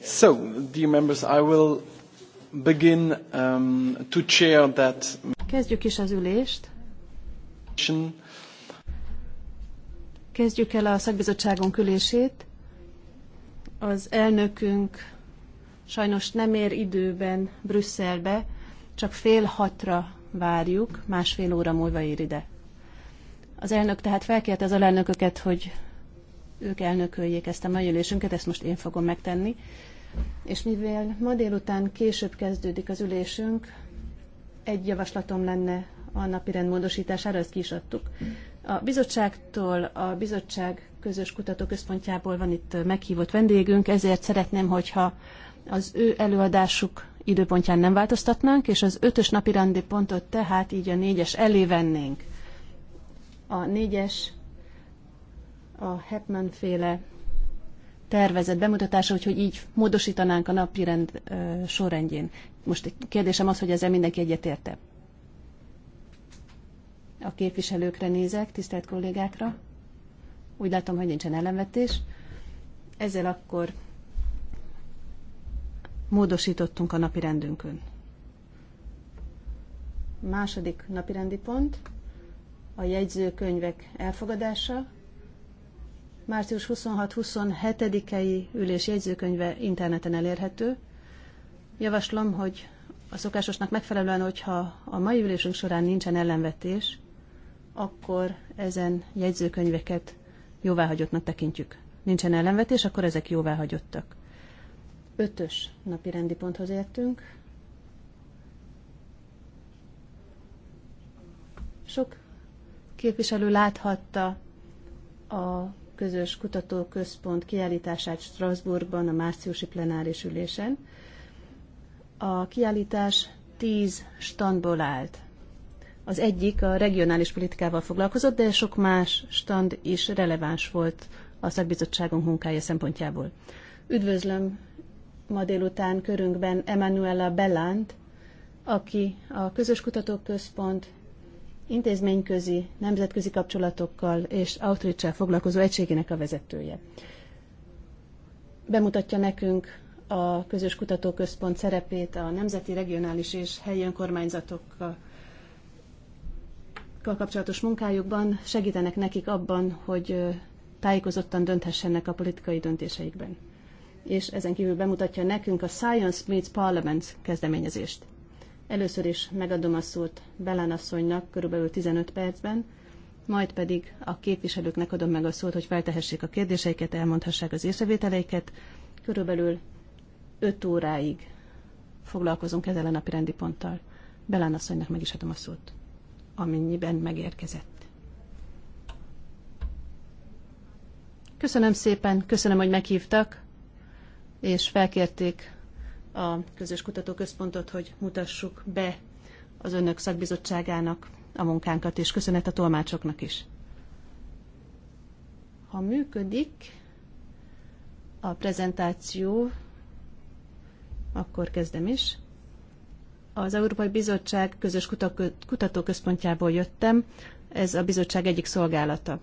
So, dear members, I will begin um, to chair that. Kezdjük is az ülést. Kezdjük el a szakbizottságon ülését. Az elnökünk sajnos nem ér időben Brüsszelbe, csak fél hatra várjuk, másfél óra múlva ér ide. Az elnök tehát felkérte az alelnököket, hogy ők elnököljék ezt a mai ülésünket, ezt most én fogom megtenni. És mivel ma délután később kezdődik az ülésünk, egy javaslatom lenne a napirend módosítására, ezt ki is adtuk. A bizottságtól, a bizottság közös kutatóközpontjából van itt meghívott vendégünk, ezért szeretném, hogyha az ő előadásuk időpontján nem változtatnánk, és az ötös napi rendi pontot tehát így a négyes elé vennénk. A négyes a Hetman féle tervezett bemutatása, úgyhogy így módosítanánk a napi rend ö, sorrendjén. Most egy kérdésem az, hogy ezzel mindenki egyetérte. A képviselőkre nézek, tisztelt kollégákra. Úgy látom, hogy nincsen ellenvetés. Ezzel akkor módosítottunk a napi rendünkön. Második napirendi pont a jegyzőkönyvek elfogadása március 26-27-i ülés jegyzőkönyve interneten elérhető. Javaslom, hogy a szokásosnak megfelelően, hogyha a mai ülésünk során nincsen ellenvetés, akkor ezen jegyzőkönyveket jóváhagyottnak tekintjük. Nincsen ellenvetés, akkor ezek jóváhagyottak. Ötös napi rendi ponthoz értünk. Sok képviselő láthatta a közös kutatóközpont kiállítását Strasbourgban a márciusi plenáris ülésen. A kiállítás tíz standból állt. Az egyik a regionális politikával foglalkozott, de sok más stand is releváns volt a szakbizottságunk munkája szempontjából. Üdvözlöm ma délután körünkben Emanuela Bellant, aki a Közös Kutatóközpont intézményközi, nemzetközi kapcsolatokkal és outreach foglalkozó egységének a vezetője. Bemutatja nekünk a közös kutatóközpont szerepét a nemzeti, regionális és helyi önkormányzatokkal kapcsolatos munkájukban, segítenek nekik abban, hogy tájékozottan dönthessenek a politikai döntéseikben. És ezen kívül bemutatja nekünk a Science Meets Parliament kezdeményezést. Először is megadom a szót Belán asszonynak körülbelül 15 percben, majd pedig a képviselőknek adom meg a szót, hogy feltehessék a kérdéseiket, elmondhassák az észrevételeiket. Körülbelül 5 óráig foglalkozunk ezzel a napi rendi ponttal. Belán asszonynak meg is adom a szót, amennyiben megérkezett. Köszönöm szépen, köszönöm, hogy meghívtak, és felkérték a közös kutatóközpontot, hogy mutassuk be az önök szakbizottságának a munkánkat, és köszönet a tolmácsoknak is. Ha működik a prezentáció, akkor kezdem is. Az Európai Bizottság közös kutatóközpontjából jöttem, ez a bizottság egyik szolgálata.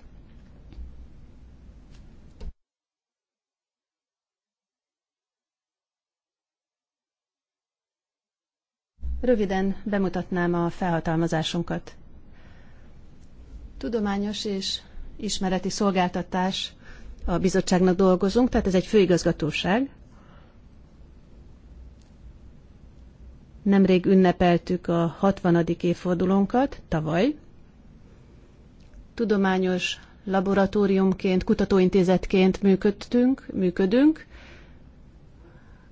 Röviden bemutatnám a felhatalmazásunkat. Tudományos és ismereti szolgáltatás a bizottságnak dolgozunk, tehát ez egy főigazgatóság. Nemrég ünnepeltük a 60. évfordulónkat, tavaly. Tudományos laboratóriumként, kutatóintézetként működtünk, működünk,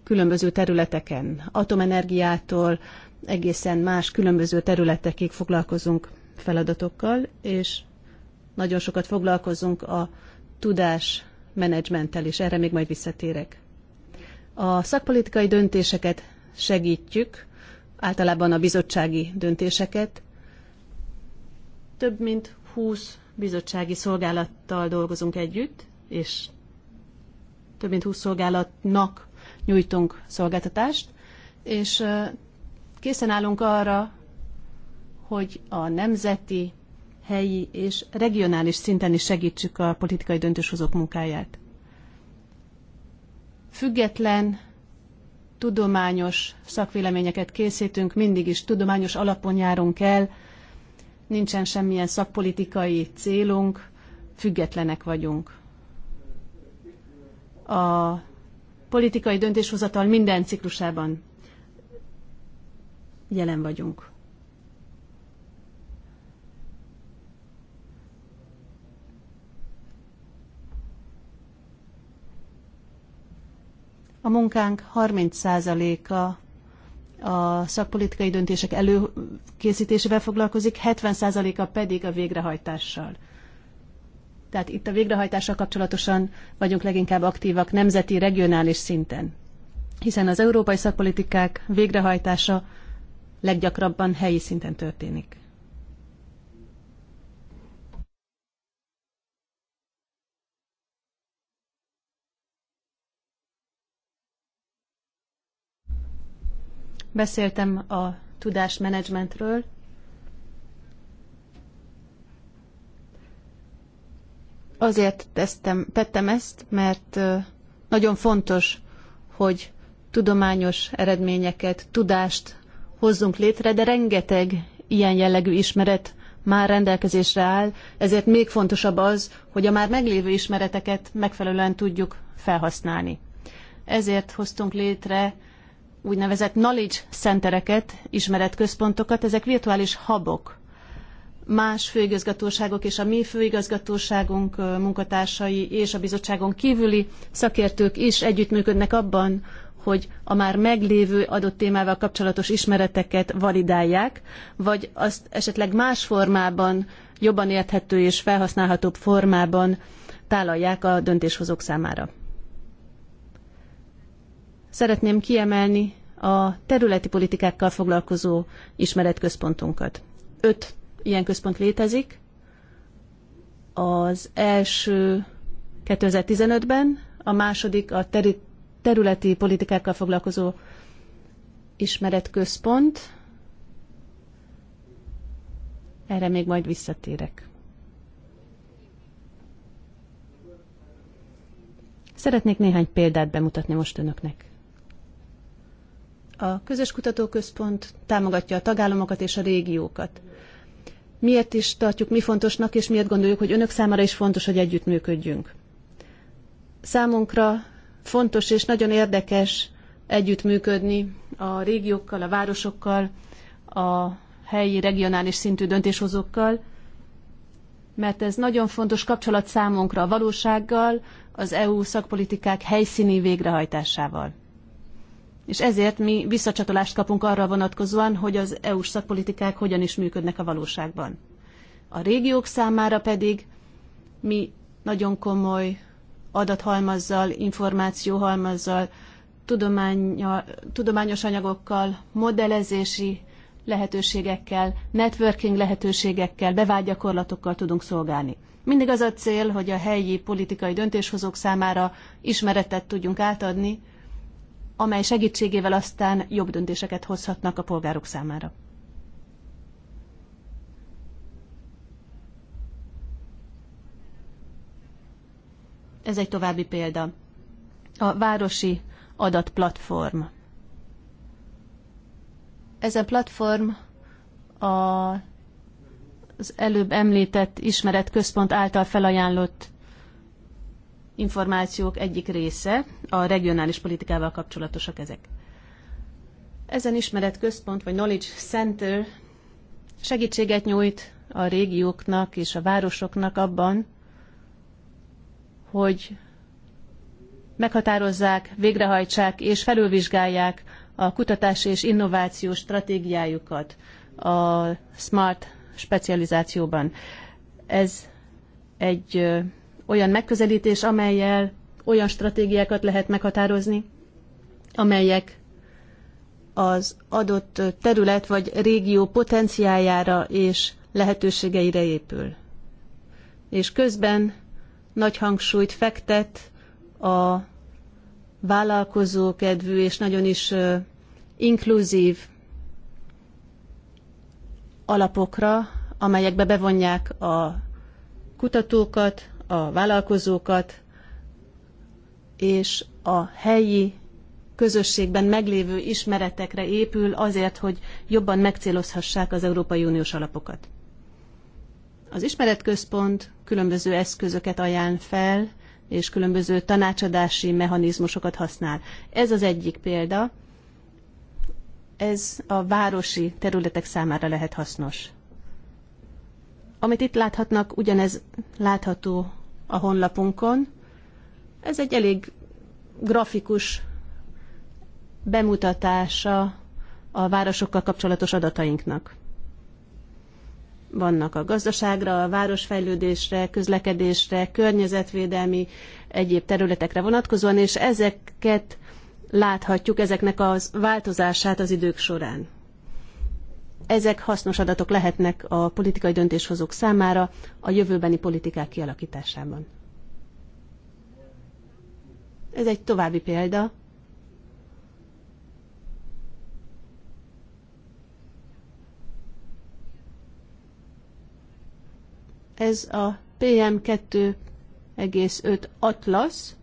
különböző területeken, atomenergiától, egészen más, különböző területekig foglalkozunk feladatokkal, és nagyon sokat foglalkozunk a tudás menedzsmenttel is, erre még majd visszatérek. A szakpolitikai döntéseket segítjük, általában a bizottsági döntéseket. Több mint 20 bizottsági szolgálattal dolgozunk együtt, és több mint 20 szolgálatnak nyújtunk szolgáltatást, és Készen állunk arra, hogy a nemzeti, helyi és regionális szinten is segítsük a politikai döntéshozók munkáját. Független, tudományos szakvéleményeket készítünk, mindig is tudományos alapon járunk el, nincsen semmilyen szakpolitikai célunk, függetlenek vagyunk. A politikai döntéshozatal minden ciklusában jelen vagyunk. A munkánk 30%-a a szakpolitikai döntések előkészítésével foglalkozik, 70%-a pedig a végrehajtással. Tehát itt a végrehajtással kapcsolatosan vagyunk leginkább aktívak nemzeti, regionális szinten. Hiszen az európai szakpolitikák végrehajtása leggyakrabban helyi szinten történik. Beszéltem a tudásmenedzsmentről, azért tettem, tettem ezt, mert nagyon fontos, hogy tudományos eredményeket, tudást hozzunk létre, de rengeteg ilyen jellegű ismeret már rendelkezésre áll, ezért még fontosabb az, hogy a már meglévő ismereteket megfelelően tudjuk felhasználni. Ezért hoztunk létre úgynevezett knowledge centereket, ismeretközpontokat, ezek virtuális habok. Más főigazgatóságok és a mi főigazgatóságunk munkatársai és a bizottságon kívüli szakértők is együttműködnek abban, hogy a már meglévő adott témával kapcsolatos ismereteket validálják, vagy azt esetleg más formában, jobban érthető és felhasználhatóbb formában tálalják a döntéshozók számára. Szeretném kiemelni a területi politikákkal foglalkozó ismeretközpontunkat. Öt ilyen központ létezik. Az első 2015-ben, a második a terület területi politikákkal foglalkozó ismeretközpont. Erre még majd visszatérek. Szeretnék néhány példát bemutatni most önöknek. A közös kutatóközpont támogatja a tagállamokat és a régiókat. Miért is tartjuk mi fontosnak, és miért gondoljuk, hogy önök számára is fontos, hogy együttműködjünk? Számunkra fontos és nagyon érdekes együttműködni a régiókkal, a városokkal, a helyi, regionális szintű döntéshozókkal, mert ez nagyon fontos kapcsolat számunkra a valósággal, az EU szakpolitikák helyszíni végrehajtásával. És ezért mi visszacsatolást kapunk arra vonatkozóan, hogy az EU-s szakpolitikák hogyan is működnek a valóságban. A régiók számára pedig mi nagyon komoly adathalmazzal, információhalmazzal, tudományos anyagokkal, modellezési lehetőségekkel, networking lehetőségekkel, bevált gyakorlatokkal tudunk szolgálni. Mindig az a cél, hogy a helyi politikai döntéshozók számára ismeretet tudjunk átadni, amely segítségével aztán jobb döntéseket hozhatnak a polgárok számára. Ez egy további példa. A városi adatplatform. Ez a platform a, az előbb említett ismeretközpont által felajánlott információk egyik része, a regionális politikával kapcsolatosak ezek. Ezen ismeretközpont, vagy Knowledge Center segítséget nyújt a régióknak és a városoknak abban, hogy meghatározzák, végrehajtsák és felülvizsgálják a kutatási és innovációs stratégiájukat a smart specializációban. Ez egy olyan megközelítés, amelyel olyan stratégiákat lehet meghatározni, amelyek az adott terület vagy régió potenciájára és lehetőségeire épül. És közben nagy hangsúlyt fektet a vállalkozókedvű és nagyon is inkluzív alapokra, amelyekbe bevonják a kutatókat, a vállalkozókat és a helyi közösségben meglévő ismeretekre épül azért, hogy jobban megcélozhassák az Európai Uniós alapokat. Az ismeretközpont különböző eszközöket ajánl fel, és különböző tanácsadási mechanizmusokat használ. Ez az egyik példa, ez a városi területek számára lehet hasznos. Amit itt láthatnak, ugyanez látható a honlapunkon. Ez egy elég grafikus bemutatása a városokkal kapcsolatos adatainknak vannak a gazdaságra, a városfejlődésre, közlekedésre, környezetvédelmi, egyéb területekre vonatkozóan, és ezeket láthatjuk, ezeknek a változását az idők során. Ezek hasznos adatok lehetnek a politikai döntéshozók számára a jövőbeni politikák kialakításában. Ez egy további példa, Ez a PM2,5 atlasz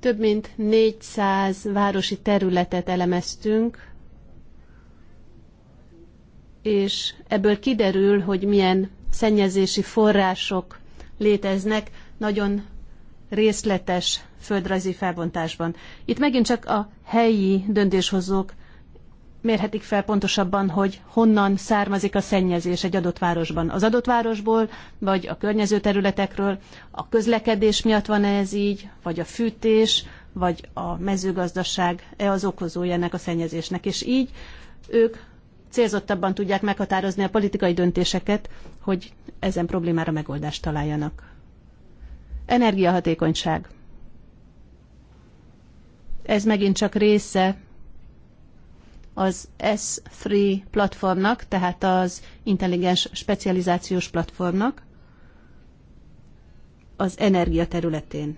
több mint 400 városi területet elemeztünk, és ebből kiderül, hogy milyen szennyezési források léteznek nagyon részletes földrajzi felbontásban. Itt megint csak a helyi döntéshozók mérhetik fel pontosabban, hogy honnan származik a szennyezés egy adott városban. Az adott városból, vagy a környező területekről, a közlekedés miatt van -e ez így, vagy a fűtés, vagy a mezőgazdaság -e az okozója ennek a szennyezésnek. És így ők célzottabban tudják meghatározni a politikai döntéseket, hogy ezen problémára megoldást találjanak. Energiahatékonyság. Ez megint csak része az S3 platformnak, tehát az intelligens specializációs platformnak az energia területén.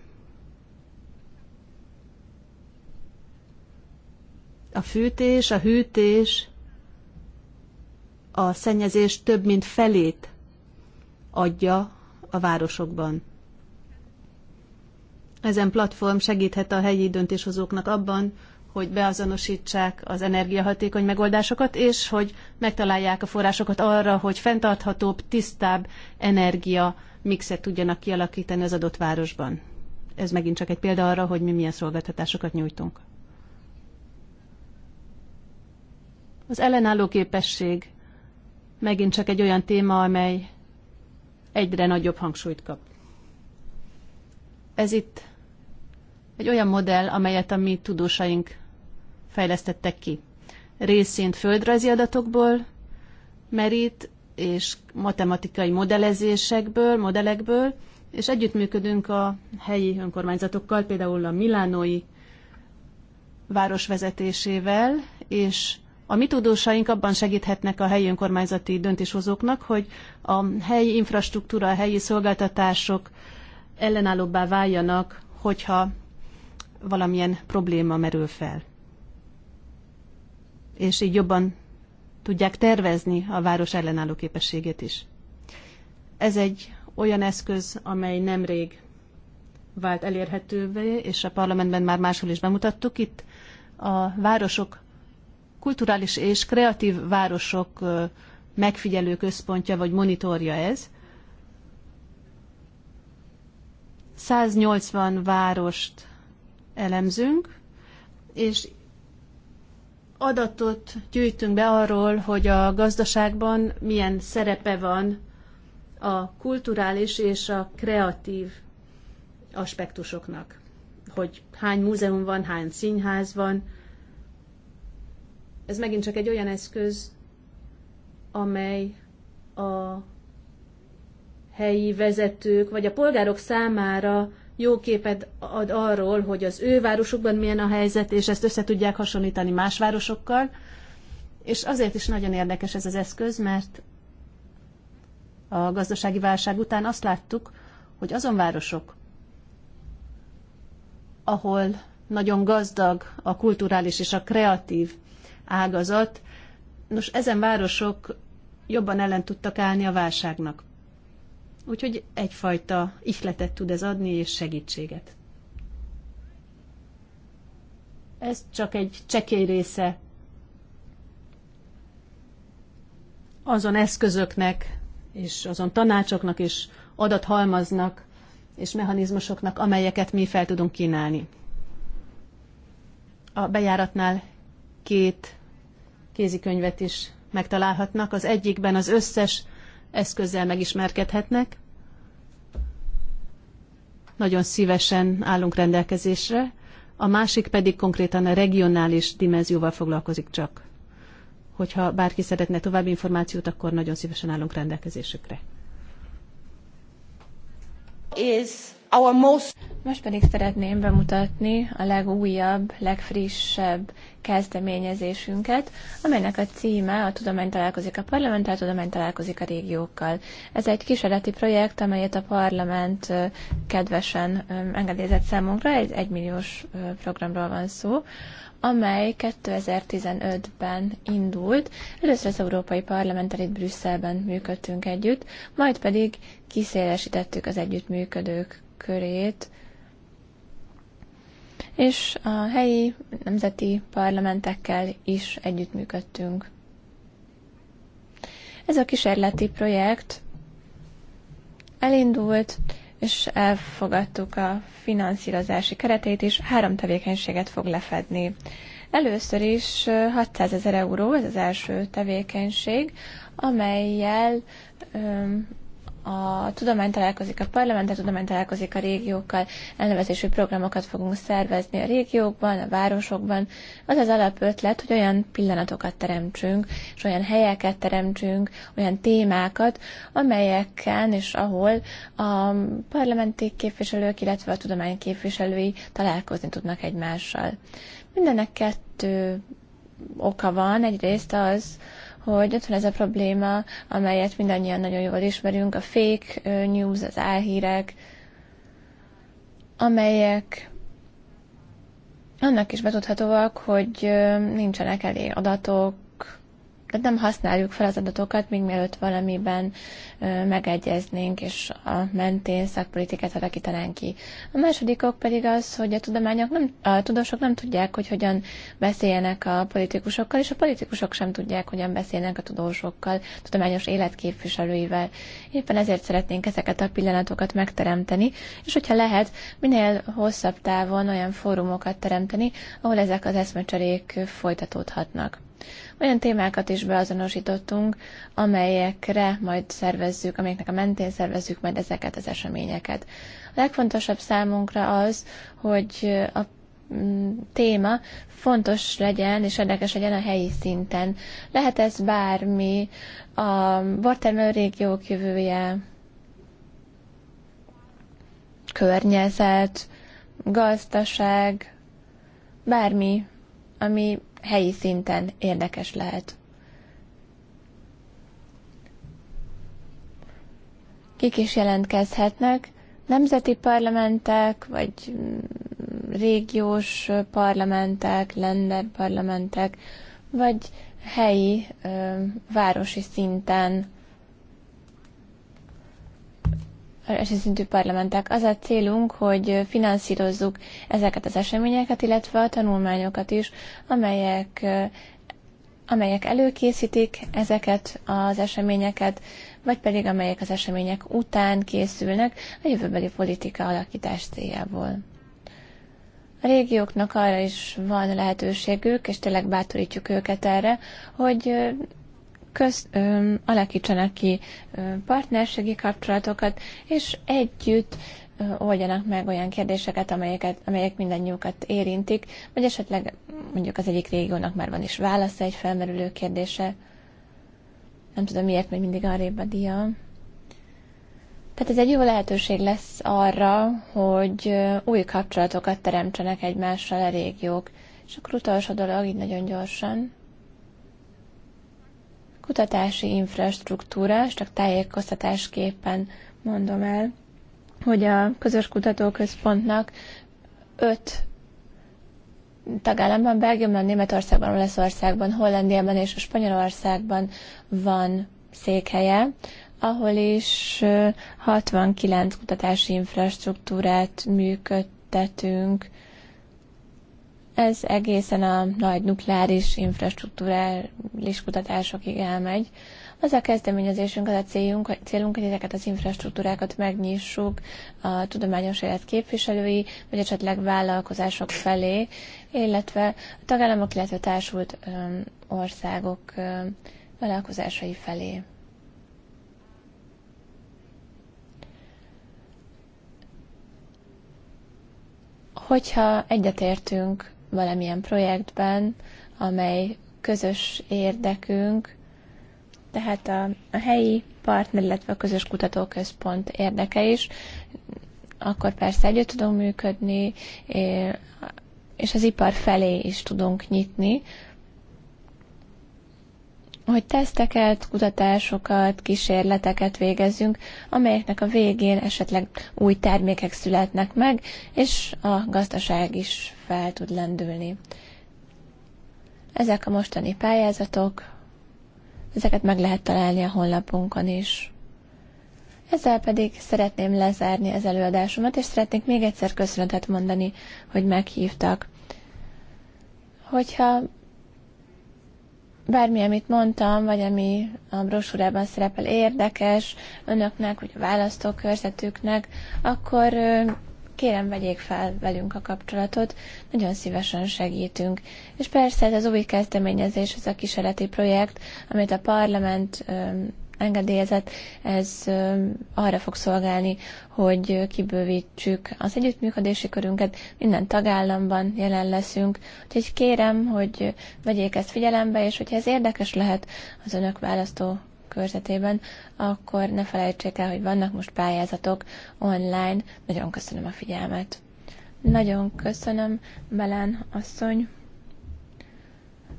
A fűtés, a hűtés, a szennyezés több mint felét adja a városokban. Ezen platform segíthet a helyi döntéshozóknak abban, hogy beazonosítsák az energiahatékony megoldásokat, és hogy megtalálják a forrásokat arra, hogy fenntarthatóbb, tisztább energia mixet tudjanak kialakítani az adott városban. Ez megint csak egy példa arra, hogy mi milyen szolgáltatásokat nyújtunk. Az ellenálló képesség megint csak egy olyan téma, amely egyre nagyobb hangsúlyt kap. Ez itt egy olyan modell, amelyet a mi tudósaink fejlesztettek ki. Részint földrajzi adatokból merít, és matematikai modellezésekből, modellekből, és együttműködünk a helyi önkormányzatokkal, például a milánói város vezetésével, és a mi tudósaink abban segíthetnek a helyi önkormányzati döntéshozóknak, hogy a helyi infrastruktúra, a helyi szolgáltatások ellenállóbbá váljanak, hogyha valamilyen probléma merül fel és így jobban tudják tervezni a város ellenálló képességét is. Ez egy olyan eszköz, amely nemrég vált elérhetővé, és a parlamentben már máshol is bemutattuk. Itt a városok, kulturális és kreatív városok megfigyelő központja vagy monitorja ez. 180 várost elemzünk, és adatot gyűjtünk be arról, hogy a gazdaságban milyen szerepe van a kulturális és a kreatív aspektusoknak. Hogy hány múzeum van, hány színház van. Ez megint csak egy olyan eszköz, amely a helyi vezetők vagy a polgárok számára jó képet ad arról, hogy az ő városukban milyen a helyzet, és ezt össze tudják hasonlítani más városokkal. És azért is nagyon érdekes ez az eszköz, mert a gazdasági válság után azt láttuk, hogy azon városok, ahol nagyon gazdag a kulturális és a kreatív ágazat, nos, ezen városok jobban ellen tudtak állni a válságnak. Úgyhogy egyfajta ihletet tud ez adni, és segítséget. Ez csak egy csekély része azon eszközöknek, és azon tanácsoknak, és adathalmaznak, és mechanizmusoknak, amelyeket mi fel tudunk kínálni. A bejáratnál két kézikönyvet is megtalálhatnak. Az egyikben az összes eszközzel megismerkedhetnek. Nagyon szívesen állunk rendelkezésre. A másik pedig konkrétan a regionális dimenzióval foglalkozik csak. Hogyha bárki szeretne további információt, akkor nagyon szívesen állunk rendelkezésükre. Most pedig szeretném bemutatni a legújabb, legfrissebb kezdeményezésünket, amelynek a címe a Tudomány találkozik a parlamenttel, a Tudomány találkozik a régiókkal. Ez egy kísérleti projekt, amelyet a parlament kedvesen engedélyezett számunkra, egy egymilliós programról van szó, amely 2015-ben indult. Először az Európai Parlament itt Brüsszelben működtünk együtt, majd pedig kiszélesítettük az együttműködők körét, és a helyi nemzeti parlamentekkel is együttműködtünk. Ez a kísérleti projekt elindult, és elfogadtuk a finanszírozási keretét is, három tevékenységet fog lefedni. Először is 600 ezer euró, ez az első tevékenység, amelyel a tudomány találkozik a parlament, a tudomány találkozik a régiókkal, elnevezésű programokat fogunk szervezni a régiókban, a városokban. Az az alapötlet, hogy olyan pillanatokat teremtsünk, és olyan helyeket teremtsünk, olyan témákat, amelyekkel és ahol a parlamenti képviselők, illetve a tudomány képviselői találkozni tudnak egymással. Mindennek kettő oka van, egyrészt az, hogy ott van ez a probléma, amelyet mindannyian nagyon jól ismerünk, a fake news, az álhírek, amelyek annak is betudhatóak, hogy nincsenek elég adatok, tehát nem használjuk fel az adatokat, még mielőtt valamiben megegyeznénk, és a mentén szakpolitikát alakítanánk ki. A második ok pedig az, hogy a tudományok nem, a tudósok nem tudják, hogy hogyan beszéljenek a politikusokkal, és a politikusok sem tudják, hogyan beszélnek a tudósokkal, tudományos életképviselőivel. Éppen ezért szeretnénk ezeket a pillanatokat megteremteni, és hogyha lehet, minél hosszabb távon olyan fórumokat teremteni, ahol ezek az eszmecserék folytatódhatnak. Olyan témákat is beazonosítottunk, amelyekre majd szervezzük, amelyeknek a mentén szervezzük majd ezeket az eseményeket. A legfontosabb számunkra az, hogy a mm, téma fontos legyen és érdekes legyen a helyi szinten. Lehet ez bármi, a bortermelő régiók jövője, környezet, gazdaság, bármi, ami helyi szinten érdekes lehet. Kik is jelentkezhetnek? Nemzeti parlamentek, vagy mm, régiós parlamentek, lender parlamentek, vagy helyi, városi szinten első szintű parlamentek. Az a célunk, hogy finanszírozzuk ezeket az eseményeket, illetve a tanulmányokat is, amelyek amelyek előkészítik ezeket az eseményeket, vagy pedig amelyek az események után készülnek a jövőbeli politika alakítás céljából. A régióknak arra is van lehetőségük, és tényleg bátorítjuk őket erre, hogy közt ö, alakítsanak ki ö, partnerségi kapcsolatokat, és együtt ö, oldjanak meg olyan kérdéseket, amelyeket, amelyek mindannyiukat érintik, vagy esetleg mondjuk az egyik régiónak már van is válasza egy felmerülő kérdése. Nem tudom miért, még mindig arrébb a dia. Tehát ez egy jó lehetőség lesz arra, hogy új kapcsolatokat teremtsenek egymással a régiók. És akkor utolsó dolog, így nagyon gyorsan, kutatási infrastruktúra, csak tájékoztatásképpen mondom el, hogy a közös kutatóközpontnak öt tagállamban, Belgiumban, Németországban, Olaszországban, Hollandiában és a Spanyolországban van székhelye, ahol is 69 kutatási infrastruktúrát működtetünk, ez egészen a nagy nukleáris infrastruktúrális kutatásokig elmegy. Az a kezdeményezésünk, az a célunk, hogy, célunk, hogy ezeket az infrastruktúrákat megnyissuk a tudományos élet képviselői, vagy esetleg vállalkozások felé, illetve a tagállamok, illetve társult országok vállalkozásai felé. Hogyha egyetértünk valamilyen projektben, amely közös érdekünk, tehát a, a helyi partner, illetve a közös kutatóközpont érdeke is, akkor persze együtt tudunk működni, és az ipar felé is tudunk nyitni, hogy teszteket, kutatásokat, kísérleteket végezzünk, amelyeknek a végén esetleg új termékek születnek meg, és a gazdaság is fel tud lendülni. Ezek a mostani pályázatok, ezeket meg lehet találni a honlapunkon is. Ezzel pedig szeretném lezárni az előadásomat, és szeretnék még egyszer köszönetet mondani, hogy meghívtak. Hogyha bármi, amit mondtam, vagy ami a brosúrában szerepel érdekes önöknek, vagy a választókörzetüknek, akkor kérem vegyék fel velünk a kapcsolatot, nagyon szívesen segítünk. És persze ez az új kezdeményezés, ez a kísérleti projekt, amit a parlament engedélyezett, ez arra fog szolgálni, hogy kibővítsük az együttműködési körünket, minden tagállamban jelen leszünk. Úgyhogy kérem, hogy vegyék ezt figyelembe, és hogyha ez érdekes lehet az önök választó körzetében, akkor ne felejtsék el, hogy vannak most pályázatok online. Nagyon köszönöm a figyelmet. Nagyon köszönöm, Belán asszony.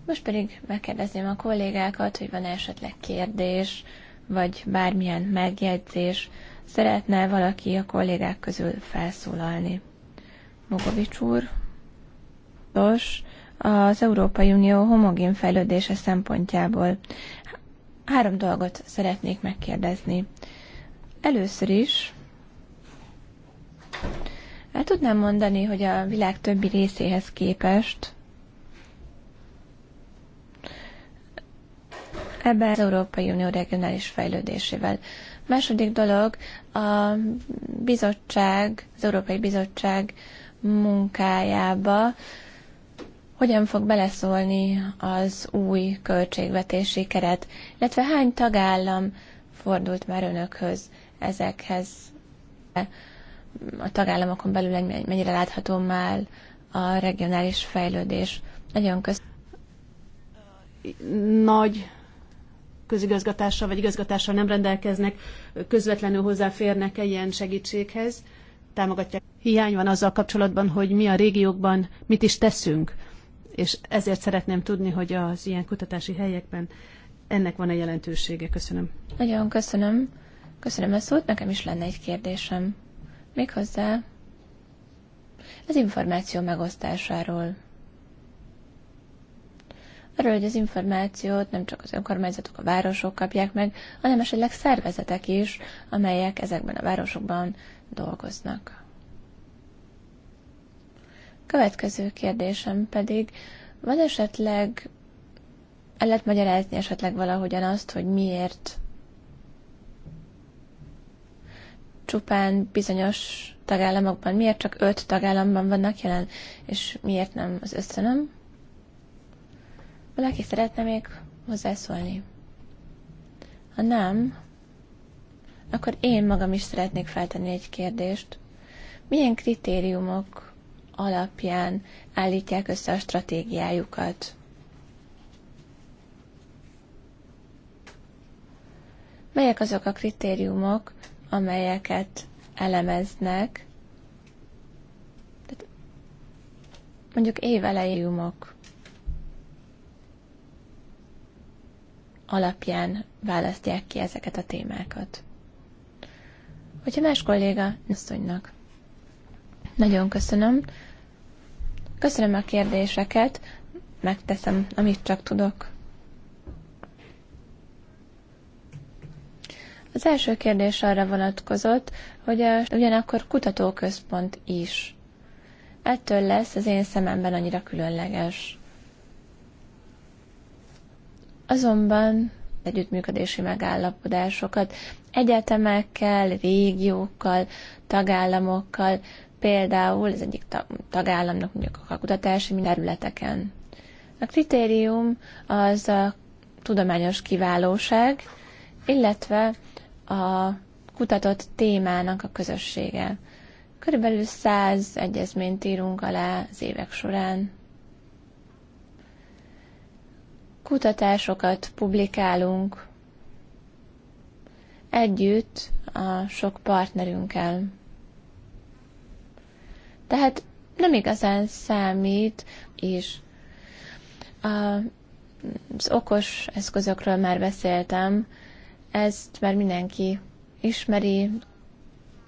Most pedig megkérdezném a kollégákat, hogy van -e esetleg kérdés vagy bármilyen megjegyzés, szeretne valaki a kollégák közül felszólalni. Mogovics úr, Nos, az Európai Unió homogén fejlődése szempontjából három dolgot szeretnék megkérdezni. Először is el tudnám mondani, hogy a világ többi részéhez képest ebben az Európai Unió regionális fejlődésével. Második dolog, a bizottság, az Európai Bizottság munkájába hogyan fog beleszólni az új költségvetési keret, illetve hány tagállam fordult már önökhöz ezekhez a tagállamokon belül mennyire látható már a regionális fejlődés. Nagyon köszönöm. Nagy közigazgatással vagy igazgatással nem rendelkeznek, közvetlenül hozzáférnek-e ilyen segítséghez, támogatják. Hiány van azzal kapcsolatban, hogy mi a régiókban mit is teszünk, és ezért szeretném tudni, hogy az ilyen kutatási helyekben ennek van-e jelentősége. Köszönöm. Nagyon köszönöm. Köszönöm a szót, nekem is lenne egy kérdésem. Méghozzá az információ megosztásáról arról, hogy az információt nem csak az önkormányzatok, a városok kapják meg, hanem esetleg szervezetek is, amelyek ezekben a városokban dolgoznak. Következő kérdésem pedig, van esetleg, el lehet magyarázni esetleg valahogyan azt, hogy miért csupán bizonyos tagállamokban, miért csak öt tagállamban vannak jelen, és miért nem az összenem? Valaki szeretne még hozzászólni? Ha nem, akkor én magam is szeretnék feltenni egy kérdést. Milyen kritériumok alapján állítják össze a stratégiájukat? Melyek azok a kritériumok, amelyeket elemeznek? Tehát mondjuk évelejéumok. alapján választják ki ezeket a témákat. Hogyha más kolléga, asszonynak. Nagyon köszönöm. Köszönöm a kérdéseket, megteszem, amit csak tudok. Az első kérdés arra vonatkozott, hogy a, ugyanakkor kutatóközpont is. Ettől lesz az én szememben annyira különleges. Azonban együttműködési megállapodásokat egyetemekkel, régiókkal, tagállamokkal, például az egyik tagállamnak mondjuk a kutatási területeken. A kritérium az a tudományos kiválóság, illetve a kutatott témának a közössége. Körülbelül száz egyezményt írunk alá az évek során kutatásokat publikálunk együtt a sok partnerünkkel. Tehát nem igazán számít, és a, az okos eszközökről már beszéltem, ezt már mindenki ismeri,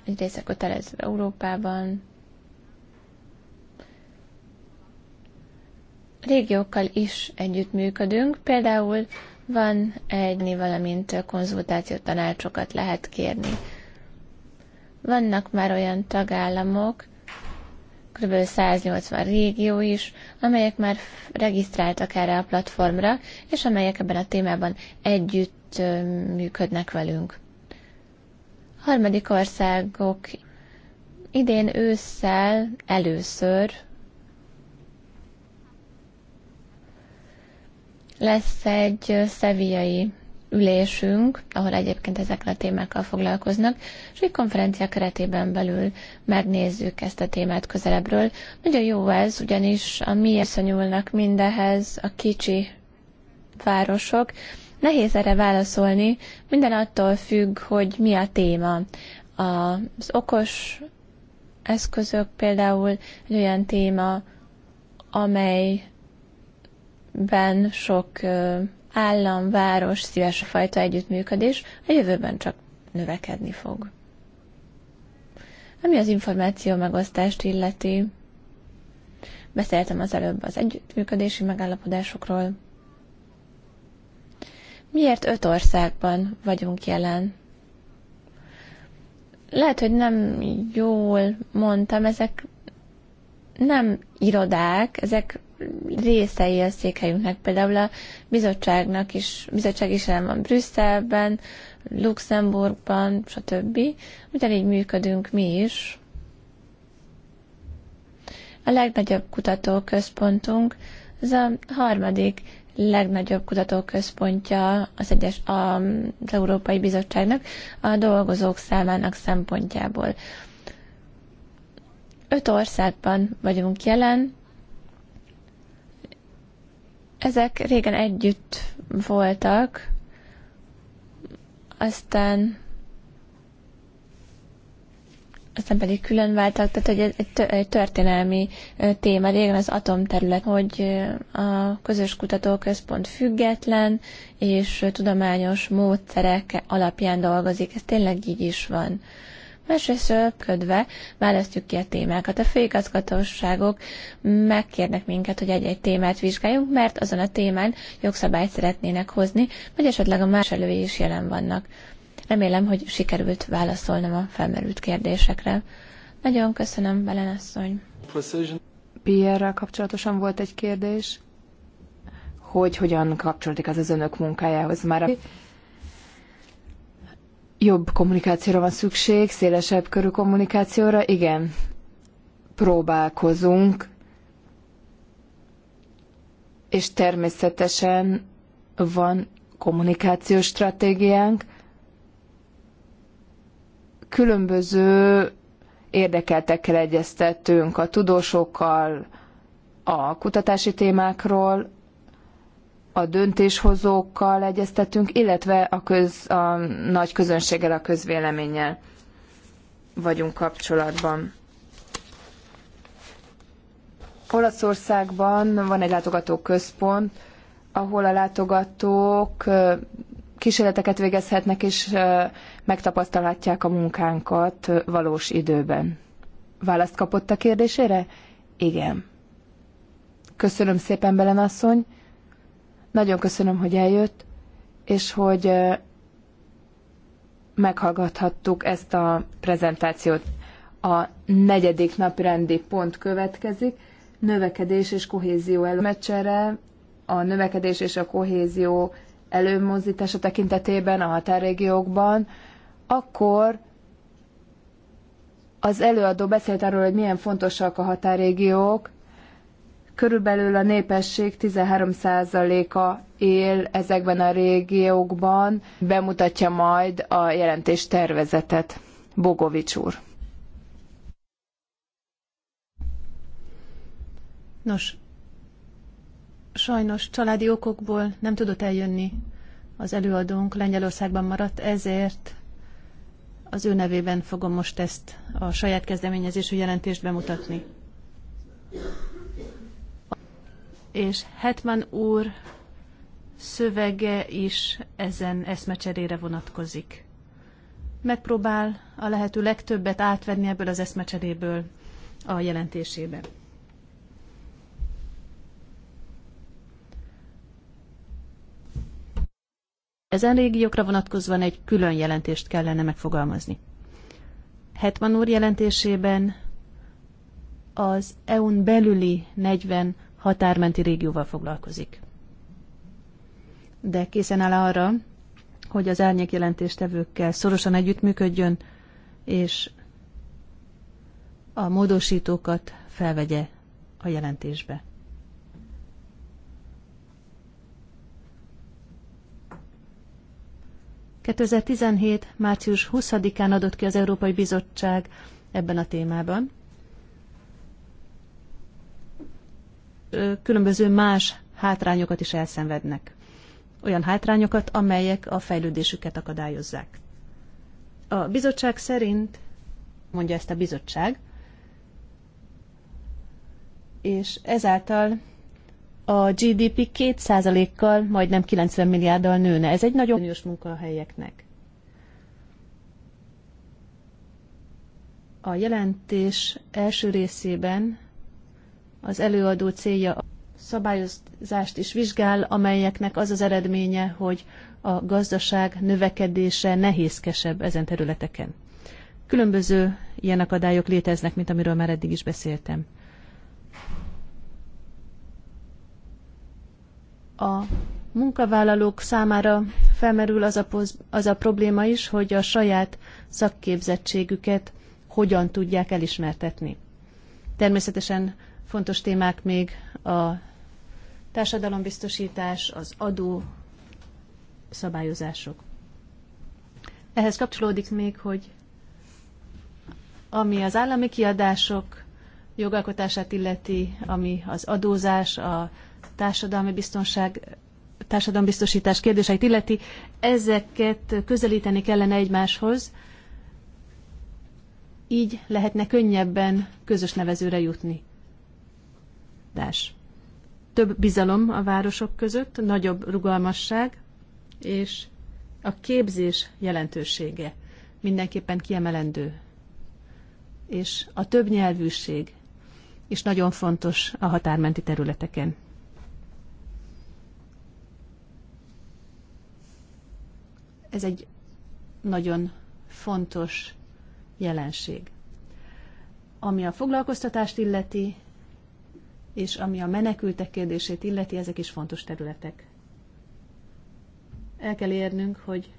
egy része kötelező Európában, régiókkal is együttműködünk, például van egy, valamint konzultáció tanácsokat lehet kérni. Vannak már olyan tagállamok, kb. 180 régió is, amelyek már regisztráltak erre a platformra, és amelyek ebben a témában együtt működnek velünk. Harmadik országok idén ősszel először lesz egy szeviai ülésünk, ahol egyébként ezekkel a témákkal foglalkoznak, és egy konferencia keretében belül megnézzük ezt a témát közelebbről. Nagyon jó ez, ugyanis a mi eszonyulnak mindehez a kicsi városok. Nehéz erre válaszolni, minden attól függ, hogy mi a téma. Az okos eszközök például egy olyan téma, amely ben sok állam, város szíves a fajta együttműködés, a jövőben csak növekedni fog. Ami az információ megosztást illeti, beszéltem az előbb az együttműködési megállapodásokról. Miért öt országban vagyunk jelen? Lehet, hogy nem jól mondtam, ezek nem irodák, ezek részei a székhelyünknek, például a bizottságnak is, bizottság is el van Brüsszelben, Luxemburgban, stb. Ugyanígy működünk mi is. A legnagyobb kutatóközpontunk, ez a harmadik legnagyobb kutatóközpontja az, egyes, az Európai Bizottságnak a dolgozók számának szempontjából. Öt országban vagyunk jelen, ezek régen együtt voltak, aztán aztán pedig külön váltak, tehát hogy egy, egy történelmi téma régen az atomterület, hogy a közös kutatóközpont független és tudományos módszerek alapján dolgozik, ez tényleg így is van. Másrésztről ködve választjuk ki a témákat. A főigazgatóságok megkérnek minket, hogy egy-egy témát vizsgáljunk, mert azon a témán jogszabályt szeretnének hozni, vagy esetleg a más elői is jelen vannak. Remélem, hogy sikerült válaszolnom a felmerült kérdésekre. Nagyon köszönöm, Belen asszony. Pierre-rel kapcsolatosan volt egy kérdés, hogy hogyan kapcsolódik az az önök munkájához. Már a Jobb kommunikációra van szükség, szélesebb körű kommunikációra, igen. Próbálkozunk, és természetesen van kommunikációs stratégiánk, különböző érdekeltekkel egyeztettünk, a tudósokkal, a kutatási témákról, a döntéshozókkal egyeztetünk, illetve a, köz, a nagy közönséggel, a közvéleménnyel vagyunk kapcsolatban. Olaszországban van egy látogatóközpont, ahol a látogatók kísérleteket végezhetnek, és megtapasztalhatják a munkánkat valós időben. Választ kapott a kérdésére? Igen. Köszönöm szépen, Belen asszony. Nagyon köszönöm, hogy eljött, és hogy meghallgathattuk ezt a prezentációt. A negyedik napi rendi pont következik, növekedés és kohézió előmecsere, a növekedés és a kohézió előmozdítása tekintetében a határregiókban, akkor az előadó beszélt arról, hogy milyen fontosak a határrégiók, Körülbelül a népesség 13%-a él ezekben a régiókban. Bemutatja majd a jelentés tervezetet. Bogovics úr. Nos, sajnos családi okokból nem tudott eljönni az előadónk, Lengyelországban maradt, ezért az ő nevében fogom most ezt a saját kezdeményezésű jelentést bemutatni és Hetman úr szövege is ezen eszmecserére vonatkozik. Megpróbál a lehető legtöbbet átvenni ebből az eszmecseréből a jelentésébe. Ezen régiókra vonatkozóan egy külön jelentést kellene megfogalmazni. Hetman úr jelentésében az EU-n belüli 40 határmenti régióval foglalkozik. De készen áll arra, hogy az árnyék jelentéstevőkkel szorosan együttműködjön, és a módosítókat felvegye a jelentésbe. március 20-án adott ki az Európai Bizottság ebben a témában különböző más hátrányokat is elszenvednek. Olyan hátrányokat, amelyek a fejlődésüket akadályozzák. A bizottság szerint, mondja ezt a bizottság, és ezáltal a GDP 2%-kal, majdnem 90 milliárddal nőne. Ez egy nagyon nős munkahelyeknek. A jelentés első részében az előadó célja a szabályozást is vizsgál, amelyeknek az az eredménye, hogy a gazdaság növekedése nehézkesebb ezen területeken. Különböző ilyen akadályok léteznek, mint amiről már eddig is beszéltem. A munkavállalók számára felmerül az a, poz, az a probléma is, hogy a saját szakképzettségüket hogyan tudják elismertetni. Természetesen Fontos témák még a társadalombiztosítás, az adó szabályozások. Ehhez kapcsolódik még, hogy ami az állami kiadások jogalkotását illeti, ami az adózás, a társadalmi biztonság, társadalombiztosítás kérdéseit illeti, ezeket közelíteni kellene egymáshoz, így lehetne könnyebben közös nevezőre jutni támogatás. Több bizalom a városok között, nagyobb rugalmasság és a képzés jelentősége mindenképpen kiemelendő. És a nyelvűség is nagyon fontos a határmenti területeken. Ez egy nagyon fontos jelenség. Ami a foglalkoztatást illeti, és ami a menekültek kérdését illeti, ezek is fontos területek. El kell érnünk, hogy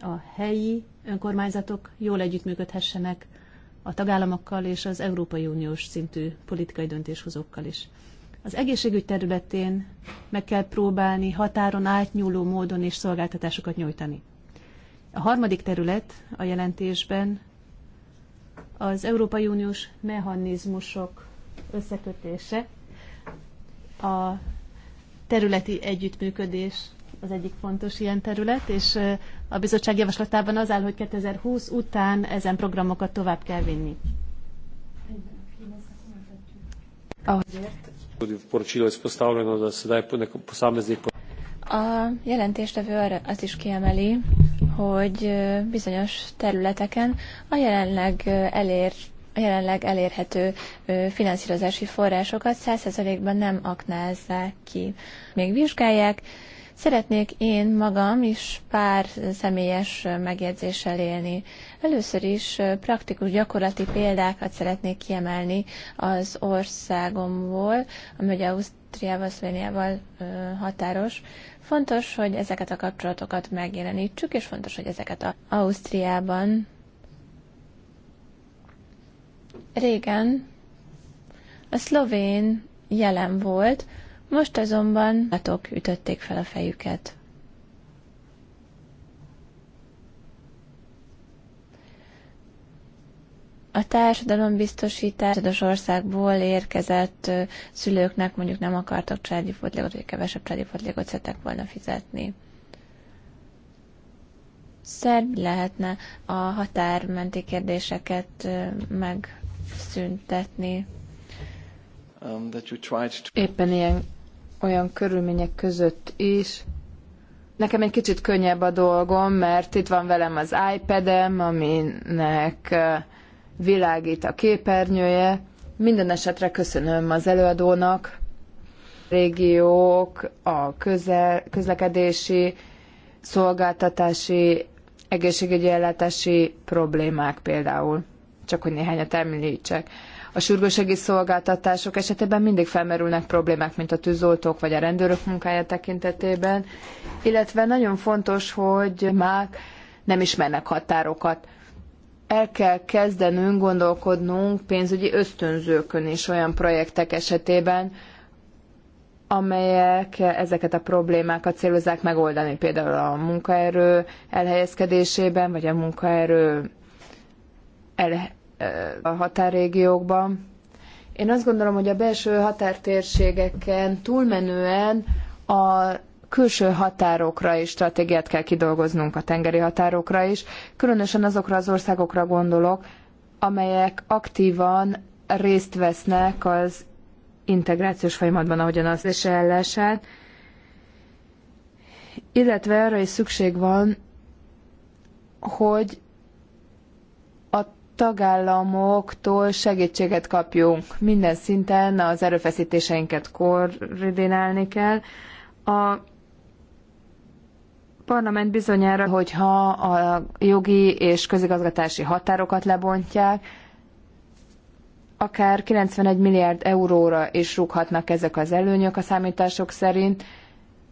a helyi önkormányzatok jól együttműködhessenek a tagállamokkal és az Európai Uniós szintű politikai döntéshozókkal is. Az egészségügy területén meg kell próbálni határon átnyúló módon és szolgáltatásokat nyújtani. A harmadik terület a jelentésben az Európai Uniós mechanizmusok összekötése, a területi együttműködés az egyik fontos ilyen terület, és a bizottság javaslatában az áll, hogy 2020 után ezen programokat tovább kell vinni. A jelentéstevő arra azt is kiemeli, hogy bizonyos területeken a jelenleg elért a jelenleg elérhető finanszírozási forrásokat 100%-ban nem aknázzák ki. Még vizsgálják. Szeretnék én magam is pár személyes megjegyzéssel élni. Először is praktikus gyakorlati példákat szeretnék kiemelni az országomból, ami ugye Ausztriával, Szlovéniával határos. Fontos, hogy ezeket a kapcsolatokat megjelenítsük, és fontos, hogy ezeket a Ausztriában Régen a szlovén jelen volt, most azonban látok ütötték fel a fejüket. a társadalom társadalombiztosítás országból érkezett szülőknek mondjuk nem akartak családi fotlékot, vagy kevesebb családi fotlékot szerettek volna fizetni. Szerb lehetne a határmenti kérdéseket meg szüntetni. Um, Éppen ilyen olyan körülmények között is. Nekem egy kicsit könnyebb a dolgom, mert itt van velem az iPad-em, aminek világít a képernyője. Minden esetre köszönöm az előadónak, a régiók, a közel, közlekedési, szolgáltatási, egészségügyi ellátási problémák például csak hogy néhányat említsek. A sürgősségi szolgáltatások esetében mindig felmerülnek problémák, mint a tűzoltók vagy a rendőrök munkája tekintetében, illetve nagyon fontos, hogy már nem ismernek határokat. El kell kezdenünk gondolkodnunk pénzügyi ösztönzőkön is olyan projektek esetében, amelyek ezeket a problémákat célozzák megoldani, például a munkaerő elhelyezkedésében, vagy a munkaerő el, a határrégiókban. Én azt gondolom, hogy a belső határtérségeken túlmenően a külső határokra is stratégiát kell kidolgoznunk, a tengeri határokra is. Különösen azokra az országokra gondolok, amelyek aktívan részt vesznek az integrációs folyamatban, ahogyan az is ellesen. Illetve arra is szükség van, hogy tagállamoktól segítséget kapjunk. Minden szinten az erőfeszítéseinket koordinálni kell. A parlament bizonyára, hogyha a jogi és közigazgatási határokat lebontják, akár 91 milliárd euróra is rúghatnak ezek az előnyök a számítások szerint,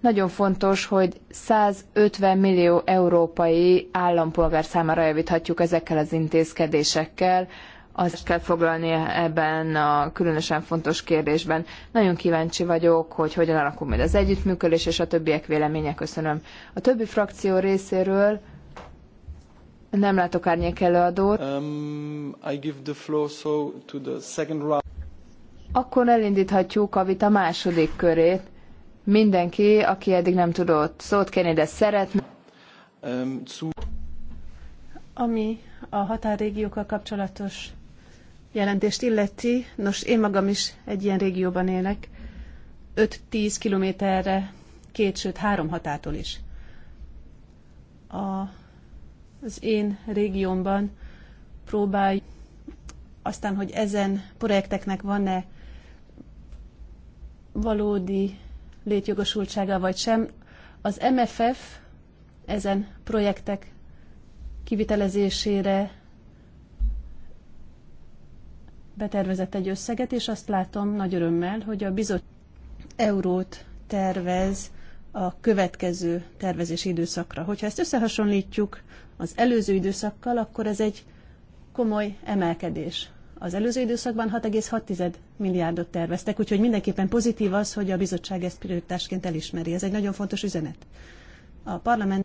nagyon fontos, hogy 150 millió európai állampolgár számára javíthatjuk ezekkel az intézkedésekkel, azt kell foglalni ebben a különösen fontos kérdésben. Nagyon kíváncsi vagyok, hogy hogyan alakul majd az együttműködés, és a többiek véleménye köszönöm. A többi frakció részéről nem látok árnyék előadót. Um, I give the floor so to the second round. Akkor elindíthatjuk a vita második körét mindenki, aki eddig nem tudott szót kérni, de szeretne. Ami a határrégiókkal kapcsolatos jelentést illeti, nos, én magam is egy ilyen régióban élek, 5-10 kilométerre, két, sőt három határtól is. A, az én régiómban próbálj aztán, hogy ezen projekteknek van-e valódi létjogosultsága vagy sem. Az MFF ezen projektek kivitelezésére betervezett egy összeget, és azt látom nagy örömmel, hogy a bizottság eurót tervez a következő tervezési időszakra. Hogyha ezt összehasonlítjuk az előző időszakkal, akkor ez egy komoly emelkedés. Az előző időszakban 6,6 milliárdot terveztek, úgyhogy mindenképpen pozitív az, hogy a bizottság ezt prioritásként elismeri. Ez egy nagyon fontos üzenet. A parlament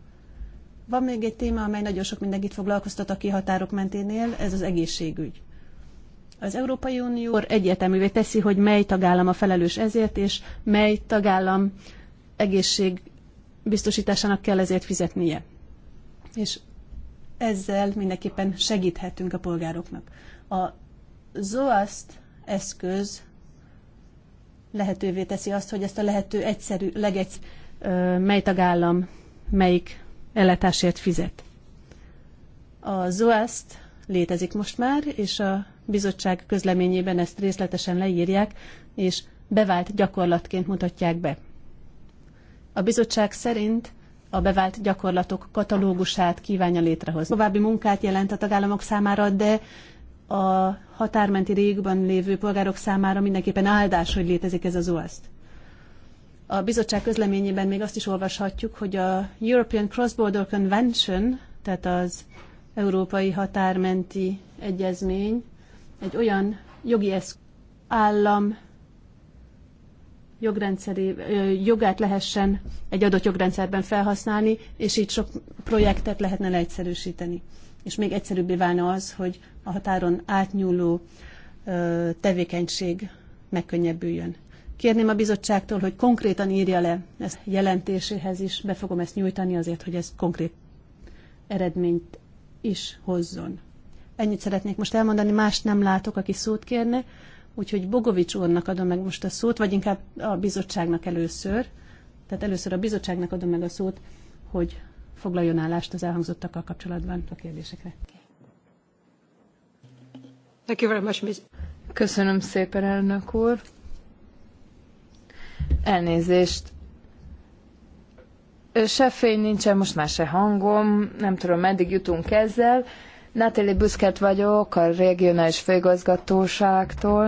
van még egy téma, amely nagyon sok mindenkit foglalkoztat a kihatárok menténél, ez az egészségügy. Az Európai Unió egyértelművé teszi, hogy mely tagállam a felelős ezért, és mely tagállam egészség biztosításának kell ezért fizetnie. És ezzel mindenképpen segíthetünk a polgároknak. A ZOAST eszköz lehetővé teszi azt, hogy ezt a lehető egyszerű, legegy, mely tagállam melyik ellátásért fizet. A ZOAST létezik most már, és a bizottság közleményében ezt részletesen leírják, és bevált gyakorlatként mutatják be. A bizottság szerint a bevált gyakorlatok katalógusát kívánja létrehozni. További munkát jelent a tagállamok számára, de a határmenti régióban lévő polgárok számára mindenképpen áldás, hogy létezik ez az OASZT. A bizottság közleményében még azt is olvashatjuk, hogy a European Cross-Border Convention, tehát az Európai Határmenti Egyezmény, egy olyan jogi eszköz állam jogrendszeri jogát lehessen egy adott jogrendszerben felhasználni, és így sok projektet lehetne leegyszerűsíteni és még egyszerűbbé válna az, hogy a határon átnyúló tevékenység megkönnyebbüljön. Kérném a bizottságtól, hogy konkrétan írja le ezt jelentéséhez is, be fogom ezt nyújtani azért, hogy ez konkrét eredményt is hozzon. Ennyit szeretnék most elmondani, Más nem látok, aki szót kérne, úgyhogy Bogovics úrnak adom meg most a szót, vagy inkább a bizottságnak először. Tehát először a bizottságnak adom meg a szót, hogy foglaljon állást az elhangzottakkal kapcsolatban a kérdésekre. Thank you very much, Ms. Köszönöm szépen, elnök úr. Elnézést. Se fény nincsen, most már se hangom, nem tudom, meddig jutunk ezzel. Natalie Büszket vagyok a regionális főigazgatóságtól.